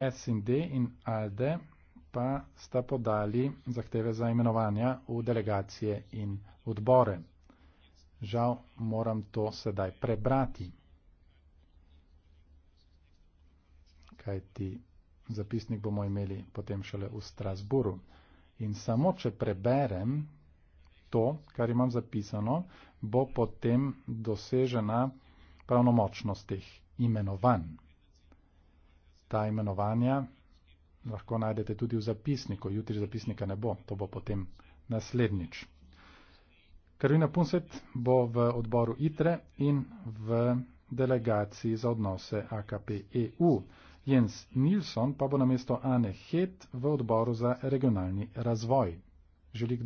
SD in ALDE pa sta podali zahteve za imenovanja v delegacije in odbore. Žal moram to sedaj prebrati. Kaj ti zapisnik bomo imeli potem šele v Strasburu. In samo, če preberem to, kar imam zapisano, bo potem dosežena pravnomočnost teh imenovanj ta imenovanja lahko najdete tudi v zapisniku. Jutri zapisnika ne bo, to bo potem naslednjič. Karina Punset bo v odboru ITRE in v delegaciji za odnose AKP EU. Jens Nilsson pa bo namesto Ane Het v odboru za regionalni razvoj. Želi kdo?